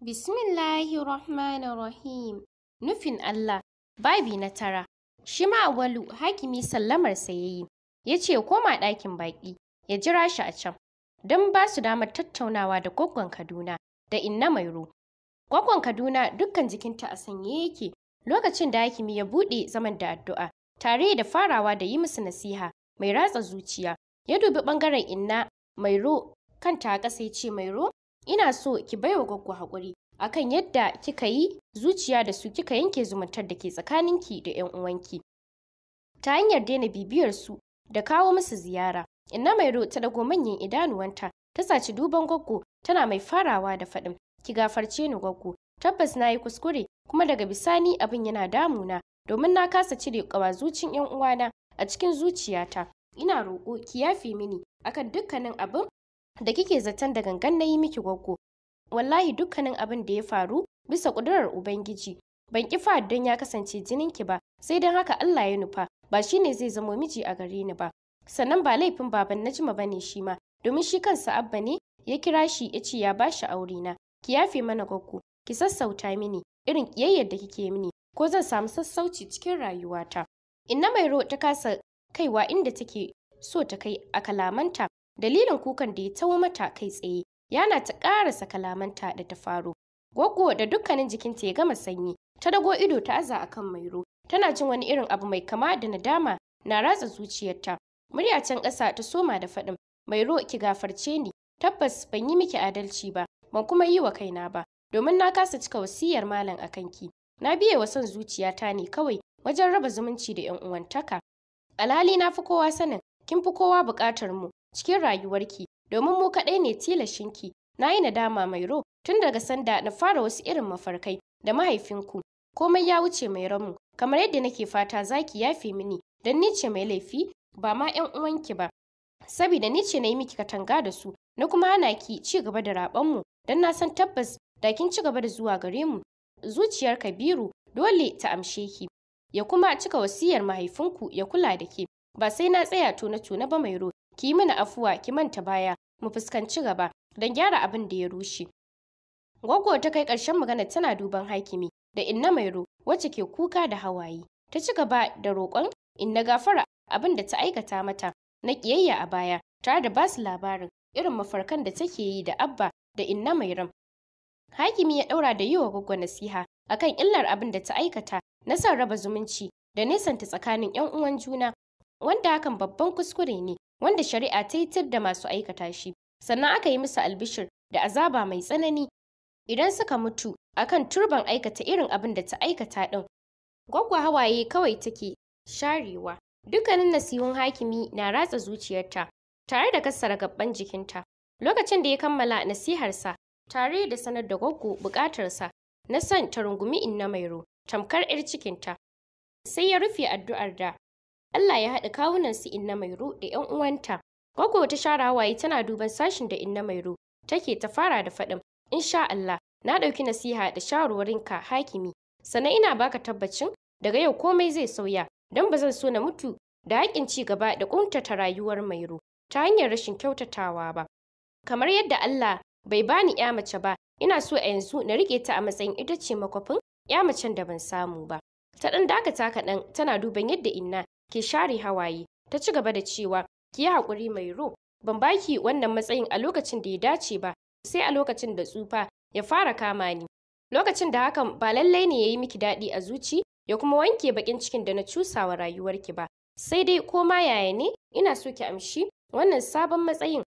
Bismillahirrahmanirrahim. Nufin Allah, babi na tara. Shi ma Auwalu hakimi sallamar sayayi, ya ce ya koma ɗakin baƙi, ya jira shi a can, don ba su damar tattaunawa da gwaggon Kaduna da inna Mairo. Gwaggon Kaduna dukkan jikinta a sanye yake lokacin da hakimi ya buɗe zaman da addu'a, tare da farawa da yi musu nasiha mai ratsa zuciya. Ya dubi ɓangaren inna Mairo kanta ƙasa ya ce Mairo, ina so ki baiwa gwaggo haƙuri akan yadda kika yi zuciya da su kika yanke zumuntar da ke tsakaninki da 'yan uwanki ta hanyar daina bibiyar su da kawo musu ziyara inna mai ta dago manyan idanuwanta ta saci duban gwaggo tana mai farawa da faɗin ki gafarce ni gwaggo tabbas na yi kuskure kuma daga bisani abin yana damuna domin na kasa cire ƙawazucin 'yan uwana a cikin zuciyata ina roƙo ki yafe mini akan dukkanin abin da kike zaton da gangan na yi miki gwaggo wallahi dukkanin abin da ya faru bisa kudurar ubangiji ban ki don ya kasance jinin ki ba sai don haka Allah ya nufa ba shi ne zai zamo miji a gare ni ba sannan ba laifin baban najima bane shi ma domin shi kansa abba ne ya kira shi ya ce ya bashi aure na ki yafe mana gwaggo ki sassauta mini irin kiyayyar da kike mini ko zan samu sassauci cikin rayuwata inna mai ro ta kasa kaiwa inda take so ta kai a kalamanta dalilin kukan da ya tawo mata kai tsaye yana ta ƙarasa kalamanta da ta faro Goggo da dukkanin jikinta ya gama sanyi, ta dago ido ta aza akan kan mairo, tana jin wani irin abu mai kama da nadama na ratsa zuciyarta. Murya can ƙasa ta soma da faɗin, mairo ki gafarce ni, tabbas ban yi miki adalci ba, ban kuma yi wa kaina ba, domin na kasa cika wasiyar malam a kanki. Na biye wa son zuciyata ne kawai wajen raba zumunci da 'yan uwantaka. Alhali na fi kowa sanin, kin fi kowa buƙatar mu, cikin rayuwarki domin mu kaɗai ne tilashinki na yi nadama mai ro tun daga sanda na fara wasu irin mafarkai da mahaifinku komai ya wuce mai ranmu kamar yadda nake fata zaki yafe mini don ni ce mai laifi ba ma yan uwanki ba saboda ni ce na yi miki katanga da su na kuma hana ki ci gaba da mu don na san tabbas da kin ci gaba da zuwa gare mu zuciyar kabiru dole ta amshe ki ya kuma cika wasiyar mahaifinku ya kula da ke ba sai na tsaya tona tona ba mai ro ki yi mana afuwa ki manta baya mu fuskanci gaba don gyara abin da ya rushe Gwaggo ta kai ƙarshen magana tana duban hakimi da inna mairo wacce ke kuka da hawaye. Ta ci gaba da roƙon inna gafara abin da ta aikata mata na ƙiyayya a baya tare da basu labarin irin mafarkan da take yi da abba da inna mairam. Hakimi ya ɗaura da yi wa gwaggo nasiha akan illar abin da ta aikata na son raba zumunci da nesanta tsakanin 'yan uwan juna wanda hakan babban kuskure ne wanda shari'a ta yi tar da masu aikata shi sannan aka yi musu albishir da azaba mai tsanani idan suka mutu akan turban aikata irin abin da ta aikata ɗin gwaggwa hawaye kawai take sharewa dukkanin nasihun hakimi na ratsa zuciyarta tare da kassara gabban jikinta lokacin da ya kammala nasiharsa tare da sanar da gwaggo bukatarsa na san ta rungumi inna mairo tamkar 'yar cikinta sai ya rufe addu'ar da Allah ya haɗa kawunan su Inna Mairo da ‘yan uwanta. Gogo ta share hawaye tana duban sashin da Inna Mairo take ta fara da faɗin, insha Allah, na ɗauki nasiha da shawarwarinka hakimi, sannan ina baka tabbacin daga yau komai zai sauya, don ba zan so na mutu da haƙƙin ci gaba da ƙuntata rayuwar Mairo ta hanyar rashin kyautatawa ba. Kamar yadda Allah bai bani ‘ya mace ba, ina so a yanzu na riƙe ta a matsayin ita ce makwafin ‘ya macen da ban samu ba. Ta ɗan dakata kaɗan tana duban yadda Inna ke share hawaye ta ci gaba da cewa ki yi haƙuri mai ro ban baki wannan matsayin a lokacin da ya dace ba sai a lokacin da tsufa ya fara kama ni lokacin da hakan ba lallai ne ya yi miki daɗi a zuci ya kuma wanke bakin cikin da na cusawa rayuwarki ba sai dai ko ma yaya ne ina so ki amshi wannan sabon matsayin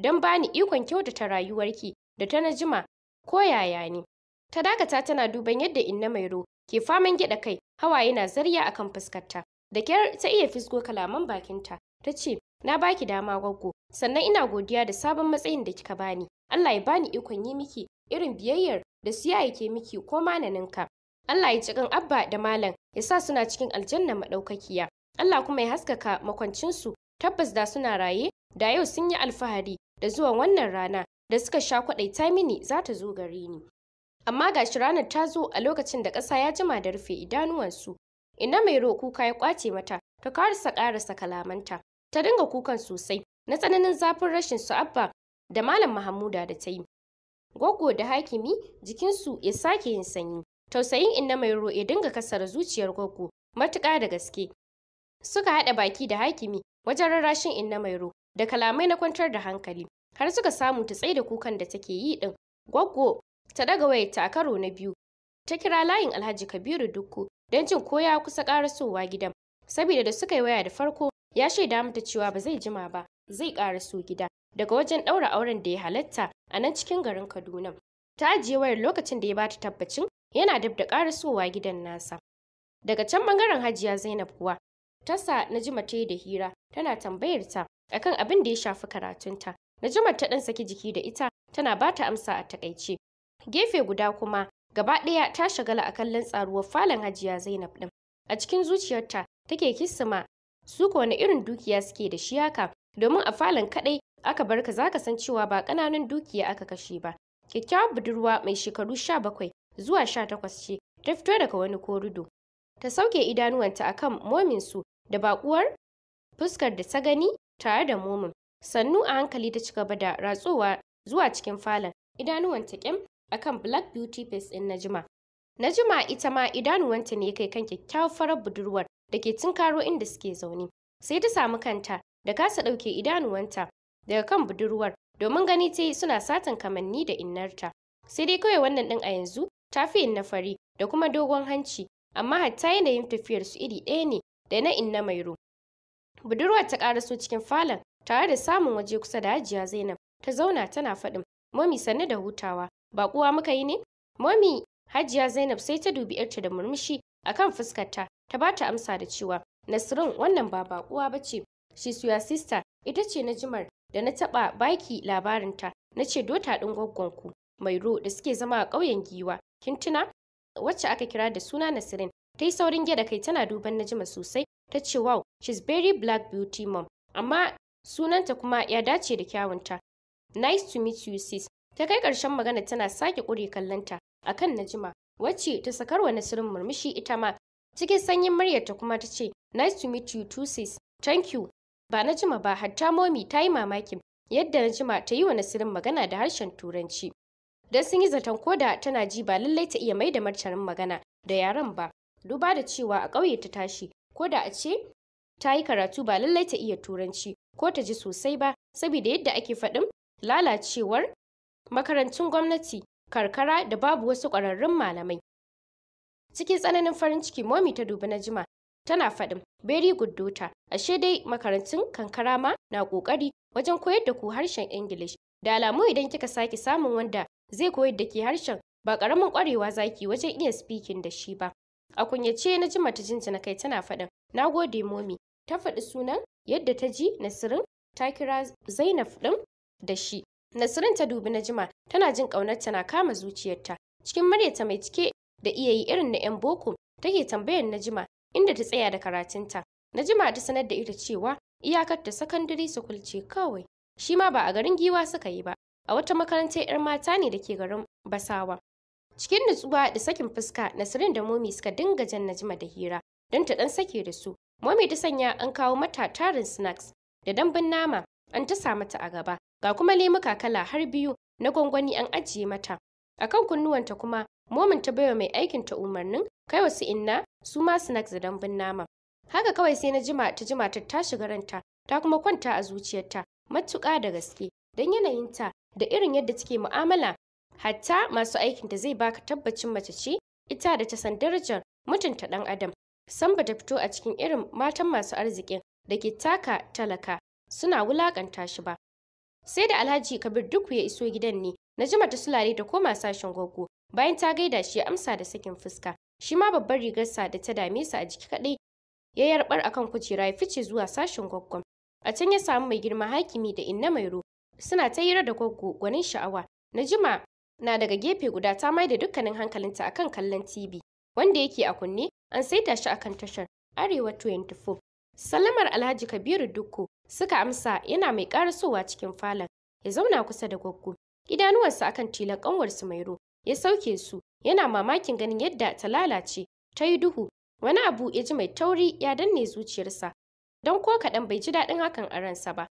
don bani ikon kyautata rayuwarki da ta najima ko yaya ne ta dakata tana duban yadda inna ro ke faman gyaɗa kai hawaye na zarya akan fuskarta Da kyar ta iya fisgo kalaman bakinta, ta ce, Na baki dama gwaggo, sannan ina godiya da sabon matsayin da kika bani. Allah ya bani ikon yi miki irin biyayyar da su yake miki ko mananinka. Allah ya ci abba da malam ya sa suna cikin aljanna maɗaukakiya Allah kuma ya haskaka makwancinsu tabbas da suna raye da yau sun yi alfahari da zuwan wannan rana da suka sha kwaɗaita mini za ta zo gare ni. Amma gashi ranar ta zo a lokacin da ƙasa ya jima da rufe idanuwansu Ina mai ro kuka ya kwace mata, ta karasa karasa kalamanta. Ta dinga kukan sosai, na tsananin zafin rashin su abba da malam Mahamuda da ta yi. Goggo da hakimi jikinsu ya sake yin sanyi. Tausayin inna mai ro ya dinga kasar zuciyar goggo matuƙa da gaske. Suka haɗa baki da hakimi wajen rarrashin inna mai ro da kalamai na kwantar da hankali. Har suka samu ta da kukan da take yi din Goggo ta daga wayarta a karo na biyu. Ta kira layin Alhaji Kabiru Dukku don jin ko ya kusa karasowa gidan saboda da suka yi waya da farko ya shaida mata cewa ba zai jima ba zai karaso gida daga wajen ɗaura auren da ya halatta a nan cikin garin Kaduna. Ta ajiye wayar lokacin da ya bata tabbacin yana dab da karasowa gidan nasa. Daga can bangaren Hajiya Zainab kuwa tasa Najima ta yi da hira tana tambayar ta akan abin da ya shafi karatunta. Najima ta ɗan saki jiki da ita tana ba ta amsa a takaice. Gefe guda kuma Gaba ɗaya ta shagala a kallon tsaruwar falon hajiya Zainab ɗin. A cikin zuciyarta take kissima su ko wani irin dukiya suke da shi haka domin a falon kaɗai aka bar ka zaka san cewa ba ƙananan dukiya aka kashe ba. Kyakkyawar budurwa mai shekaru sha bakwai zuwa sha takwas ce ta fito daga wani korido. Ta sauke idanuwanta akan mominsu da baƙuwar fuskar da ta gani tare da momin. Sannu a hankali ta ci gaba da ratsowa zuwa cikin falon idanuwanta kyam akan Black Beauty Face ɗin Najima. Najima ita ma idanuwanta ne kai kan kyakkyawar farar budurwar da ke tunkaro inda suke zaune. Sai ta samu kanta da kasa ɗauke idanuwanta daga kan budurwar domin gani ta yi suna satan kamanni da innarta. Sai dai kawai wannan ɗin a yanzu ta fi na fari da kuma dogon hanci amma hatta yanayin tafiyar su iri ɗaya ne da na inna mairo. Budurwar ta ƙaraso cikin falon tare da samun waje kusa da hajiya Zainab ta zauna tana faɗin mami sanne da hutawa ba kuwa muka yi ne? Momi, Hajiya Zainab sai ta dubi ‘yarta da murmushi a kan fuskarta, ta ba ta amsa da cewa, Nasrin wannan ba baƙuwa ba ce, shi suya sista ita ce na jimar da na taɓa baki labarinta, na ce dota ɗin gwaggonku, mai ro da suke zama a ƙauyen giwa, kintuna Wacce aka kira da suna nasirin ta yi saurin gyada kai tana duban na jima sosai, ta ce wow, she's very black beauty mom, amma sunanta kuma ya dace da kyawunta. Nice to meet you sis, Ta kai ƙarshen magana tana sake ƙure kallonta kan Najima, wacce ta sakar wa Nasirin murmushi ita ma. Cikin sanyin muryarta kuma ta ce, Nice to meet you too sis. Thank you. Ba Najima ba hatta momi ta yi mamakin yadda Najima ta yi wa Nasirin magana da harshen Turanci. Don sun yi zaton koda tana ji ba lallai ta iya mai da martanin magana da yaren ba. Duba da cewa a ƙauye ta tashi, koda a ce ta yi karatu ba lallai ta iya Turanci ko ta ji sosai ba, saboda yadda ake faɗin lalacewar makarantun gwamnati, karkara da babu wasu ƙwararrun malamai. Cikin tsananin farin ciki momi ta dubi na jima tana faɗin beri good ashe dai makarantun kankara ma na ƙoƙari wajen koyar da ku harshen English. Da alamu idan kika sake samun wanda zai koyar da ke harshen ba ƙaramin ƙwarewa zaki wajen iya speaking da shi ba. A kunyace na jima ta jinjina kai tana faɗin na gode momi ta faɗi sunan yadda ta ji Nasirin ta kira Zainab ɗin da shi Nasirin ta dubi Najima tana jin ƙaunarta na kama zuciyarta. Cikin muryarta mai cike da iya yi irin na 'yan boko take tambayar Najima inda ta tsaya da karatunta. Najima ta sanar da ita cewa iyakar ta sakandare su ce kawai. Shi ma ba a garin giwa suka yi ba, a wata makarantar 'yar mata ne da ke garin Basawa. Cikin nutsuwa da sakin fuska, Nasirin da Momi suka dinga jan Najima da hira don ta ɗan sake da su. Momi ta sanya an kawo mata tarin snacks da dambun nama an ta sa mata a gaba Ga kuma lemuka kala har biyu na gwangwani an ajiye mata. A kan kunnuwanta kuma momin ta baiwa mai aikin ta umarnin kai wasu inna su ma snack da dambun nama. Haka kawai sai na jima ta jima ta ta shiga ta kuma kwanta a zuciyarta matuƙa da gaske don yanayinta da irin yadda take mu'amala hatta masu aikin da zai baka tabbacin mace ce ita da ta san darajar mutunta ɗan adam san ba ta fito a cikin irin matan masu arzikin da ke taka talaka suna wulakanta shi ba Sai da Alhaji Kabir duk ya iso gidan ne, na jima ta sulare ta koma sashen gwaggo. Bayan ta gaida shi ya amsa da sakin fuska. Shi ma babbar rigarsa da ta dame sa a jiki kaɗai ya yarbar akan kujera ya fice zuwa sashen gwaggon. A can ya samu mai girma hakimi da inna mai ro. Suna ta hira da gwaggo gwanin sha'awa. na jima na daga gefe guda ta mai da dukkanin hankalinta akan kallon TV. Wanda yake a kunne an saita shi akan tashar Arewa 24. Salamar Alhaji Kabiru Dukko Suka amsa yana mai karasowa cikin falon ya zauna kusa da gwaggo. Idanuwansa akan tilan ƙanwarsu Mairo ya sauke su yana mamakin ganin yadda ta lalace ta yi duhu wani abu ya ji mai tauri ya danne zuciyarsa don ko kaɗan bai ji daɗin hakan a ransa ba.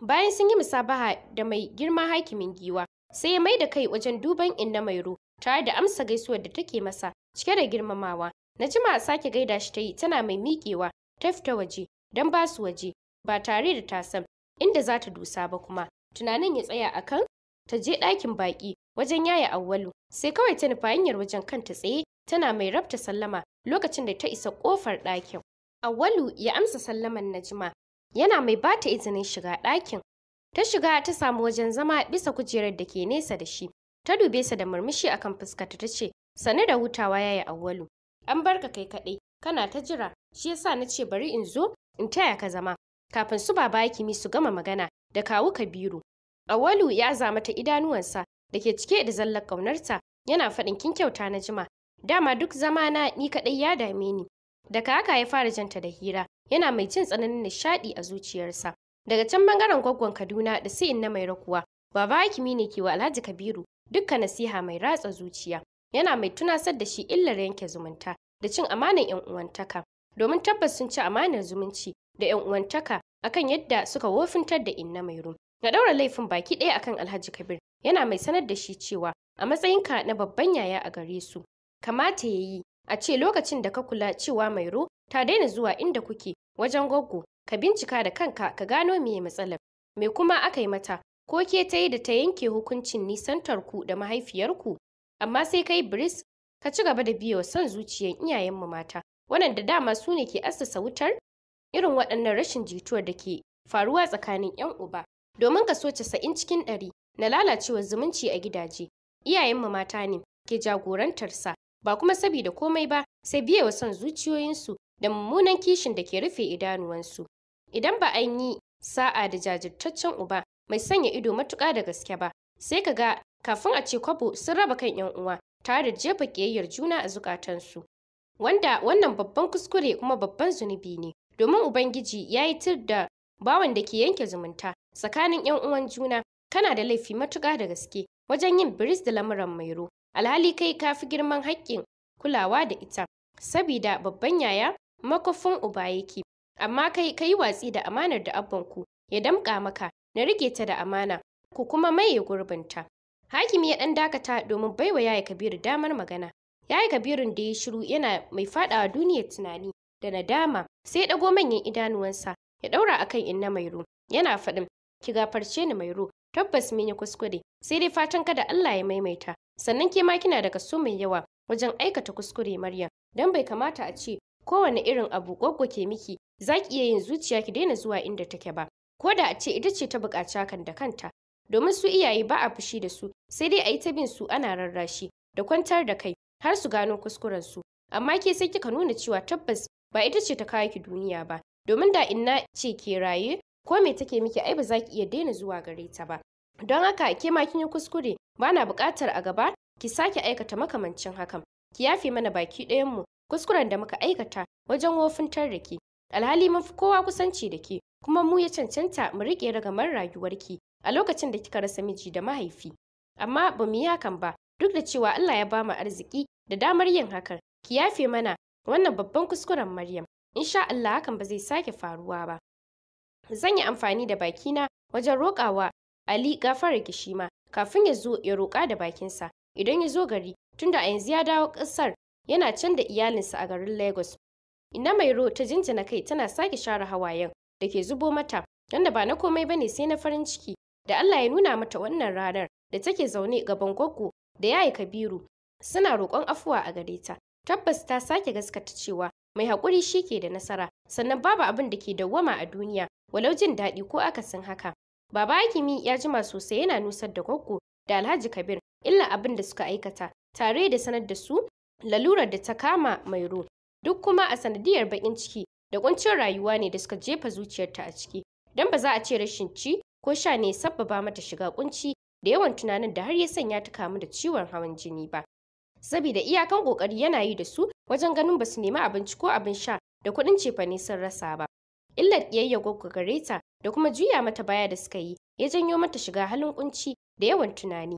Bayan sun yi musabaha da mai girma hakimin giwa sai ya mai da kai wajen duban inna Mairo tare da amsa gaisuwar da take masa cike da girmamawa. Najima sake gaida shi ta yi tana mai miƙewa ta fita waje don ba su waje ba tare da ta san inda za ta dusa ba kuma tunanin ya tsaya a kan? ta je ɗakin baƙi wajen yaya Auwalu. sai kawai ta nufa hanyar wajen kanta tsaye tana mai rabta sallama lokacin da ta isa ƙofar ɗakin Auwalu ya amsa sallaman najima yana mai ba ta izinin shiga ɗakin ta shiga ta samu wajen zama bisa kujerar da ke nesa da shi ta dube sa da murmushi akan fuskarta ta ce sane da hutawa yaya awwalu an barka kai kaɗai kana ta jira shi yasa na ce bari in zo in taya ka zama kafin su baba Hakimi su gama magana da kawu Kabiru. Awalu ya zama ta idanuwansa da ke cike da zallar ƙaunarta yana faɗin kin kyauta na jima. Dama duk zamana ni kaɗai ya dame ni. Da kaka ya fara janta da hira yana mai jin tsananin nishaɗi a zuciyarsa. Daga can bangaren gwaggon Kaduna da sayin na mai rakuwa, Baba Hakimi ne ke wa Alhaji Kabiru dukka nasiha mai ratsa zuciya. Yana mai tunasar da shi illar yanke zumunta da cin amanar 'yan uwantaka. Domin tabbas sun ci amanar zumunci da 'yan uwantaka akan yadda suka wofintar da inna mai ru. Na ɗaura laifin baki ɗaya akan Alhaji Kabir yana mai sanar da shi cewa a matsayinka na babban yaya a gare su kamata ya yi a ce lokacin da ka kula cewa mai ru ta daina zuwa inda kuke wajen goggo ka bincika da kanka ka gano me matsalar me kuma aka yi mata ko ke ta yi da ta yanke hukuncin nisantarku da mahaifiyarku amma sai kai bris ka ci gaba da biyo son zuciyan iyayenmu mata wannan da dama sune ke assasa wutar irin waɗannan rashin jituwar da ke faruwa tsakanin 'yan uba domin kaso casa'in cikin ɗari na lalacewar zumunci a gidaje iyayenmu mata ne ke jagorantar sa ba kuma sabida komai ba sai biye wa son zuciyoyinsu da mummunan kishin da ke rufe idanuwansu idan ba an yi sa'a da jajirtaccen uba mai sanya ido matuƙa da gaske ba sai ka ga kafin a ce kwabo sun raba kan 'yan uwa tare da jefa ƙiyayyar juna a zukatansu wanda wannan babban kuskure kuma babban zunubi ne domin Ubangiji ya yi tir da bawan da ke yanke zumunta tsakanin 'yan uwan juna kana da laifi matuƙa da gaske wajen yin biris da lamuran mairo alhali kai ka fi girman haƙƙin kulawa da ita sabida babban yaya makofin uba yake amma kai ka yi watsi da amanar da abbanku ya damƙa maka na rige ta da amana ku kuma maye gurbinta hakimi ya ɗan dakata domin baiwa yaya kabiru damar magana yaya kabirun da ya shiru yana mai faɗawa duniyar tunani da nadama sai ya ɗago manyan idanuwansa ya ɗaura akan inna mairo yana faɗin ki gafarce ni mairo tabbas mun yi kuskure sai dai fatan kada Allah ya maimaita sannan ke ma kina da kaso mai yawa wajen aikata kuskure Maryam dan bai kamata a ce kowane irin abu goggo ke miki zaki ki iya yin zuciya ki daina zuwa inda take ba ko da a ce ita ce ta buƙaci hakan da kanta domin su iyaye ba a fushi da su sai dai a yi ta bin su ana rarrashi da kwantar da kai har su gano kuskuren su amma ke sai kika nuna cewa tabbas ba ita ce ta kawo ki duniya ba domin da inna ce ke raye ko me take miki ai ba za ki iya daina zuwa gare ta ba don haka ke ma kin yi kuskure ba na buƙatar a gaba ki sake aikata makamancin hakan ki yafe mana baki mu kuskuren da muka aikata wajen wofintar da ke alhali mun fi kowa kusanci da ke kuma mu ya cancanta mu riƙe ragamar ki a lokacin da kika rasa miji da mahaifi amma ba mu yi hakan ba duk da cewa Allah ya bamu arziki da damar yin hakan ki yafe mana Wannan babban kuskuren Maryam. Insha Allah hakan ba zai sake faruwa ba. Zan yi amfani da bakina wajen roƙawa Ali gafara gishima kafin ya zo ya roƙa da bakinsa. Idan ya zo gari, tunda a yanzu ya dawo ƙasar yana can da iyalinsa a garin Lagos. Ina Mairo ta jinjina kai tana sake share hawayen da ke zubo mata, wanda ba na komai bane sai na farin ciki da Allah ya nuna mata wannan ranar da take zaune gaban goggo da yayi Kabiru suna roƙon afuwa a gare ta Tabbas ta sake gaskata cewa mai haƙuri shi ke da nasara, sannan babu abin da ke dawwama a duniya, walau jin daɗi ko akasin haka. Baba Hakimi ya jima sosai yana nusar da Goggo da Alhaji Kabir illa abin da suka aikata, tare da sanar da su lalurar da ta kama mai ro Duk kuma a sanadiyar baƙin ciki da kuncin rayuwa ne da suka jefa zuciyarta a ciki. Don ba za a ce rashin ci ko sha ne sabbaba mata shiga kunci da yawan tunanin da har ya sanya ta kamu da ciwon hawan jini ba. saboda iyakan kokari yana yi da su wajen ganin ba su nemi abinci ko abin sha da kuɗin cefane sun rasa ba. Illar ƙiyayya gwaggo gare ta da kuma juya mata baya da suka yi ya janyo mata shiga halin kunci da yawan tunani.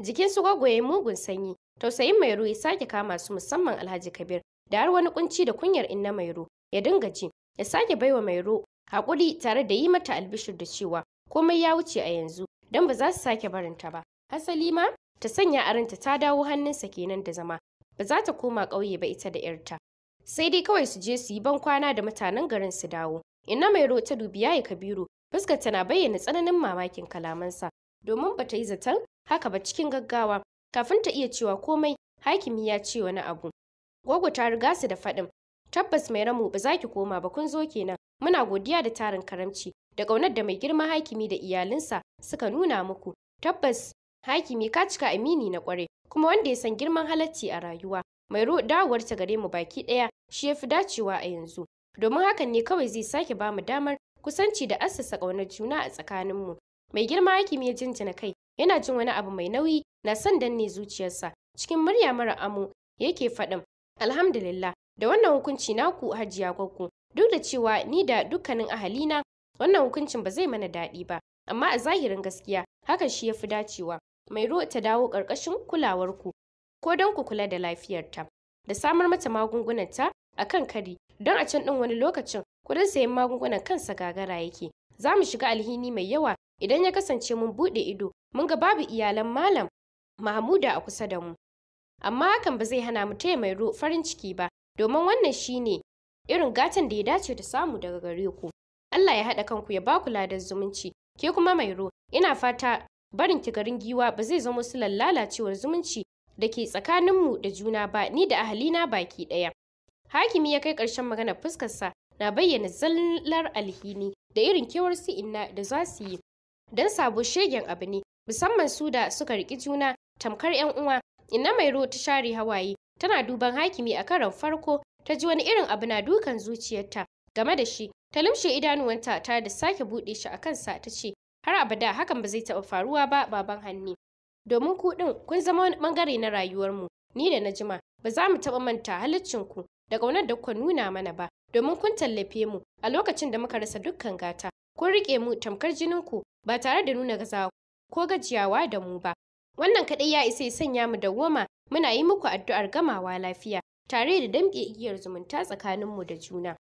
Jikin su gwagwaye mugun sanyi, tausayin Mairo ya sake kama su musamman Alhaji Kabir da har wani kunci da kunyar inna Mairo ya dinga ji ya sake baiwa Mairo hakuri tare da yi mata albishir da cewa komai ya wuce a yanzu don ba za su sake barinta ba. Hasali ma ta sanya aranta ta dawo hannunsa kenan da zama ba za ta koma ƙauye ba ita da ‘yarta sai dai kawai su je su yi ban kwana da mutanen garin su dawo ina mai ta dubi ya kabiru fuskar tana bayyana tsananin mamakin kalamansa domin ba ta yi zaton haka ba cikin gaggawa kafin ta iya cewa komai hakimi ya ce wani abu gogo ta riga su da faɗin tabbas mai ramu ba za ki koma ba kun zo kenan muna godiya da tarin karamci da ƙaunar da mai girma hakimi da iyalinsa suka nuna muku tabbas Hakimi ka cika amini na kwarai kuma wanda ya san girman halacci a rayuwa mai dawowar ta gare mu baki ɗaya shi ya fi dacewa a yanzu domin hakan ne kawai zai sake ba mu damar kusanci da assasa kaunar juna a tsakanin mu Mai girma hakimi ya jinjina kai yana jin wani abu mai nauyi na son danne zuciyarsa cikin murya mara amo yake fadin alhamdulillah da wannan hukunci naku hajiya gwaggo duk da cewa ni da dukkanin ahalina wannan hukuncin ba zai mana daɗi ba amma a zahirin gaskiya hakan shi ya fi dacewa mai ruwa ta dawo ƙarƙashin kulawarku ko don ku kula da lafiyarta da samar mata magungunanta a kan kari don a can ɗin wani lokacin kudin sayan magungunan kansa gagara yake za mu shiga alhini mai yawa idan ya kasance mun buɗe ido mun ga babu iyalan malam mahmuda a kusa da mu amma hakan ba zai hana mu taya mai farin ciki ba domin wannan shine irin gatan da ya dace ta samu daga gare ku Allah ya haɗa kanku ya ba baku ladan zumunci ke kuma mai ro ina fata barin ki garin giwa ba zai zama su lalacewar zumunci da ke tsakaninmu da juna ba ni da ahalina baki ɗaya. Hakimi ya kai ƙarshen magana fuskarsa na bayyana zallar alhini da irin kewar su inna da za su yi. Don sabo shegen abu ne, musamman su da suka riƙi juna tamkar 'yan uwa, inna mai ro ta share hawaye, tana duban hakimi a karon farko, ta ji wani irin abu na dukan zuciyarta game da shi, ta lumshe idanuwanta ta da sake buɗe shi a kansa ta ce, har abada hakan ba zai taɓa faruwa ba baban hanni domin ku ɗin kun zama wani ɓangare na rayuwarmu ni da na jima ba za mu taɓa manta halaccinku da ƙaunar da kuka nuna mana ba domin kun tallafe mu a lokacin da muka rasa dukkan gata kun riƙe mu tamkar jininku ba tare da nuna gazawa ko gajiyawa da mu ba wannan kaɗai ya isa ya sanya mu da goma muna yi muku addu'ar gamawa lafiya tare da damƙe igiyar zumunta tsakaninmu da juna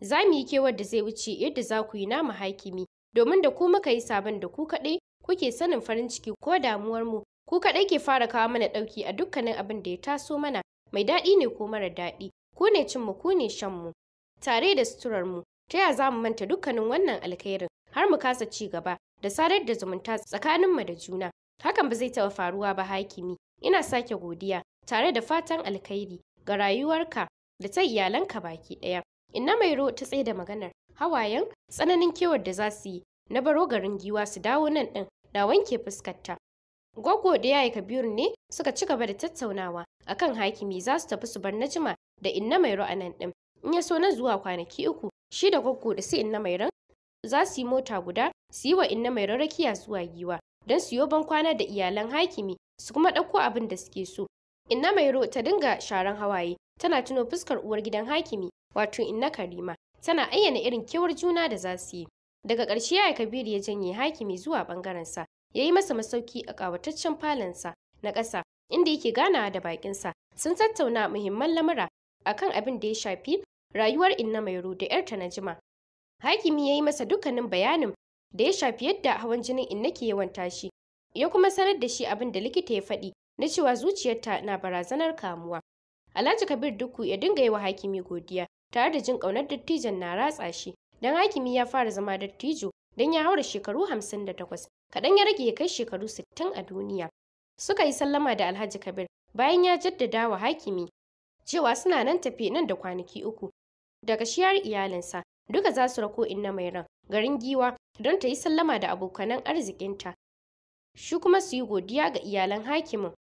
za mu yi kewar da zai wuce yadda za ku yi namu hakimi domin da ku muka yi sabon da ku kaɗai kuke sanin farin ciki ko damuwar mu ku kaɗai ke fara kawo mana ɗauki a dukkanin abin da ya taso mana mai daɗi ne ko mara daɗi ku ne cin mu ku ne shan mu tare da suturar mu ta ya za mu manta dukkanin wannan alkhairin har mu kasa ci gaba da sadar da zumunta tsakanin mu da juna hakan ba zai taɓa faruwa ba hakimi ina sake godiya tare da fatan alkhairi ga rayuwarka da ta iyalanka baki ɗaya inna ro ta tsaye da maganar hawayen tsananin kewar da za su yi na baro garin giwa su dawo nan ɗin na wanke fuskarta. Goggo da yaya Kabiru ne suka ci gaba da tattaunawa akan hakimi za su tafi su bar Najima da Inna Mairo a nan ɗin. In ya so na zuwa kwanaki uku shi da gogo da su Inna ran za su yi mota guda su yi wa Inna Mairo rakiya zuwa giwa don su ban kwana da iyalan hakimi su kuma ɗauko abin da suke so. Inna Mairo ta dinga sharan hawaye tana tuno fuskar uwar gidan hakimi wato Inna Karima tana ayyana irin kewar juna da za su yi. Daga ƙarshe ya Kabiru ya janye hakimi zuwa ɓangarensa, ya yi masa masauki a ƙawataccen falansa na ƙasa, inda yake ganawa da baƙinsa. Sun tattauna muhimman lamura akan abin da ya shafi rayuwar Inna Mairo da ‘yarta na jima. Hakimi ya yi masa dukkanin bayanin da ya shafi yadda hawan jinin Inna ke yawan tashi, ya kuma sanar da shi abin da likita ya faɗi na cewa zuciyarta na barazanar kamuwa. Alhaji Kabir Duku ya dinga yi wa hakimi godiya tare da jin ƙaunar dattijan na ratsa shi dan hakimi ya fara zama dattijo don ya haura shekaru hamsin da takwas kaɗan ya rage ya kai shekaru sittin a duniya suka yi sallama da alhaji kabir bayan ya jaddada wa hakimi cewa suna nan tafi nan da kwanaki uku daga shiyar iyalinsa duka za su rako inna mai ran garin giwa don ta yi sallama da abokanan arzikinta shi kuma su yi godiya ga iyalan hakimin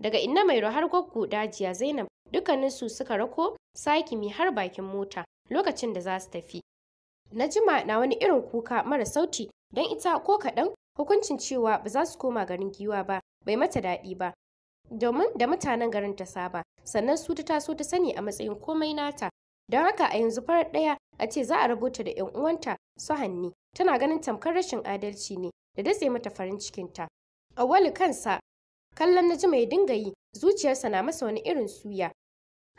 daga inna mai har gwaggo dajiya zainab dukkaninsu suka rako sakimi har bakin mota lokacin da za su tafi na na wani irin kuka mara sauti don ita ko kaɗan hukuncin cewa ba za su koma garin giwa ba bai mata daɗi ba domin da mutanen garin ta saba sannan su ta taso ta sani a matsayin komai nata don haka a yanzu farar ɗaya a ce za a rubuta da 'yan uwanta su hanni tana ganin tamkar rashin adalci ne da datse mata farin cikinta awali kansa kallon na ya dinga yi zuciyarsa na masa wani irin suya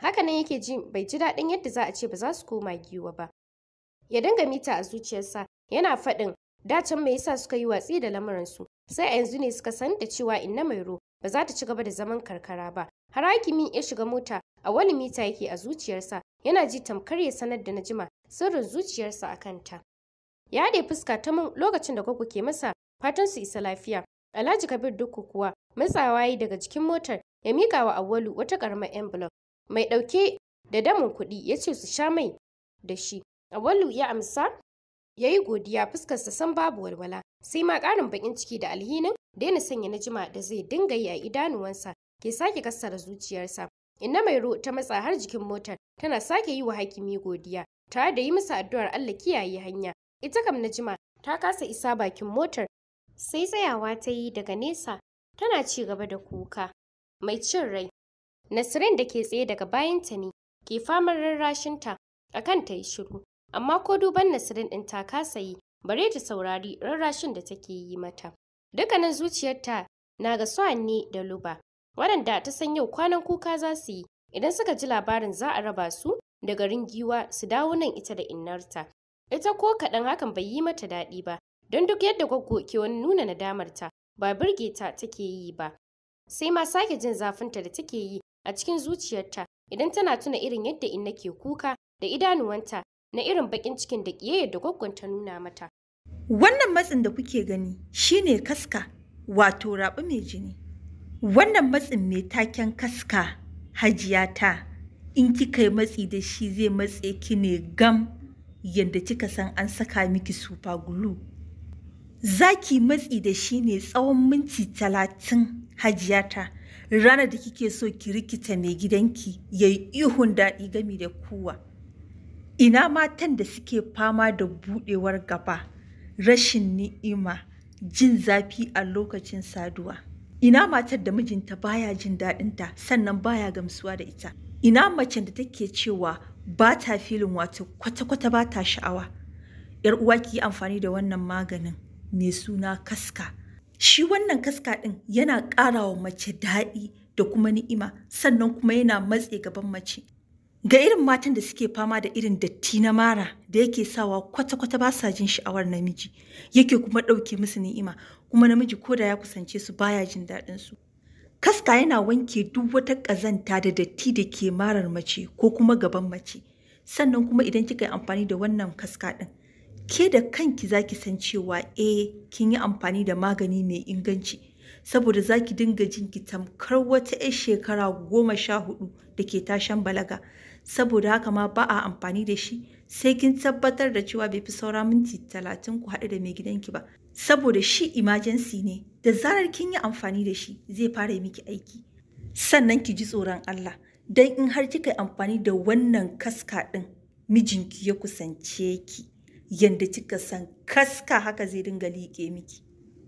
haka nan yake ji bai ji daɗin yadda za a ce ba za su koma giwa ba ya dinga mita a zuciyarsa yana faɗin dacin me yasa suka yi watsi da lamuransu sai a yanzu ne suka san da cewa inna mai ro ba za ta ci gaba da zaman karkara ba har hakimin ya shiga mota a wani mita yake a zuciyarsa yana ji tamkar ya sanar da najima sirrin zuciyarsa a kanta ya haɗe fuska ta mun lokacin da gwaggo ke masa fatan su isa lafiya alhaji kabir dukku kuwa matsawa yi daga jikin motar ya miƙa wa awwalu wata ƙaramar envelope mai ɗauke da damin kuɗi ya ce su sha mai da shi A wallu ya amsa ya yi godiya fuskarsa san babu walwala sai ma ƙarin baƙin ciki da alhinin daina sanya na jima da zai dinga yi a idanuwansa ke sake kassara zuciyarsa. Inna mai ro ta matsa har jikin motar tana sake yi wa hakimi godiya tare da yi masa addu'ar Allah kiyaye hanya. Ita kam na jima ta kasa isa bakin motar sai tsayawa ta yi daga nesa tana ci gaba da kuka. Mai cin rai. Nasirin da ke tsaye daga bayanta ne ke faman rarrashinta akan ta yi shiru amma ko duban Nasirin ɗin ta kasa yi, bare ta saurari rarrashin da take yi mata. Dukkanin zuciyarta na ga Swan ne da Luba, waɗanda ta san yau kwanan kuka za su yi idan suka ji labarin za a raba su da garin giwa su dawo nan ita da innarta. Ita ko kaɗan hakan bai yi mata daɗi ba, don duk yadda gwaggo ke wani nuna nadamarta ba birge ta take yi ba. Sai ma sake jin zafinta da take yi a cikin zuciyarta idan tana tuna irin yadda inna ke kuka da idanuwanta na irin bakin cikin da ƙiyayyar da gwaggon ta nuna mata. Wannan matsin da kuke gani shine kaska wato raɓi mai jini. Wannan matsin mai taken kaska hajiya ta in kika yi matsi da shi zai matse ki ne gam yadda kika san an saka miki super glue. Zaki matsi da shi ne tsawon minti talatin hajiya ta ranar da kike so ki rikita mai gidanki ya yi ihun daɗi gami da kowa. Ina matan da suke fama da buɗewar gaba, rashin ni'ima, jin zafi a lokacin saduwa? Ina matar da mijinta baya jin daɗinta sannan baya gamsuwa da ita? Ina macen da take cewa ba ta filin wato kwata-kwata ba ta sha'awa? ‘Yar uwa ki amfani da wannan maganin mai suna kaska. Shi wannan kaska ɗin yana ƙara wa mace daɗi da kuma ni'ima sannan kuma yana matse gaban mace. Ga irin matan da suke fama da irin datti na mara da yake sawa kwata-kwata ba sa jin sha'awar namiji, yake kuma ɗauke musu ni'ima, kuma namiji ko da ya kusance su baya jin daɗin su. Kaska yana wanke duk wata ƙazanta da datti da ke marar mace ko kuma gaban mace. Sannan kuma idan kika yi amfani da wannan kaska ɗin, ke da kanki za ki san cewa eh kin yi amfani da magani mai inganci. Saboda za ki dinga jin ki tamkar wata 'yar shekara goma sha hudu da ke tashan balaga. saboda haka ma ba a amfani da shi sai kin tabbatar da cewa bai fi saura minti talatin ku haɗu da mai gidanki ba saboda shi imajensi ne da zarar kin yi amfani da shi zai fara miki aiki sannan ki ji tsoron Allah don in har kika yi amfani da wannan kaska ɗin mijinki ya kusance ki yanda kika san kaska haka zai dinga liƙe miki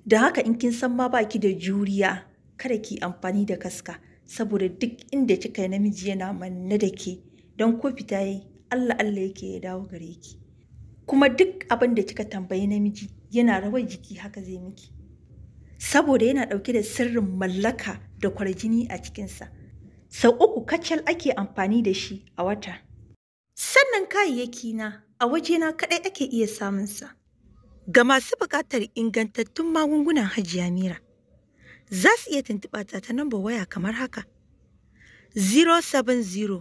da haka in kin san ma baki da juriya kada ki amfani da kaska saboda duk inda kika yi namiji yana manne da ke don ko fita yayi Allah Allah yake ya dawo gare ki kuma duk abin da kika tambayi namiji yana rawar jiki haka zai miki saboda yana ɗauke da sirrin mallaka da kwarjini a cikinsa sau uku kacal ake amfani da shi a wata sannan kayayyaki na a wajena kaɗai ake iya samun sa. ga masu buƙatar ingantattun magungunan hajiya mira za su iya tuntuɓa ta ta waya kamar haka 070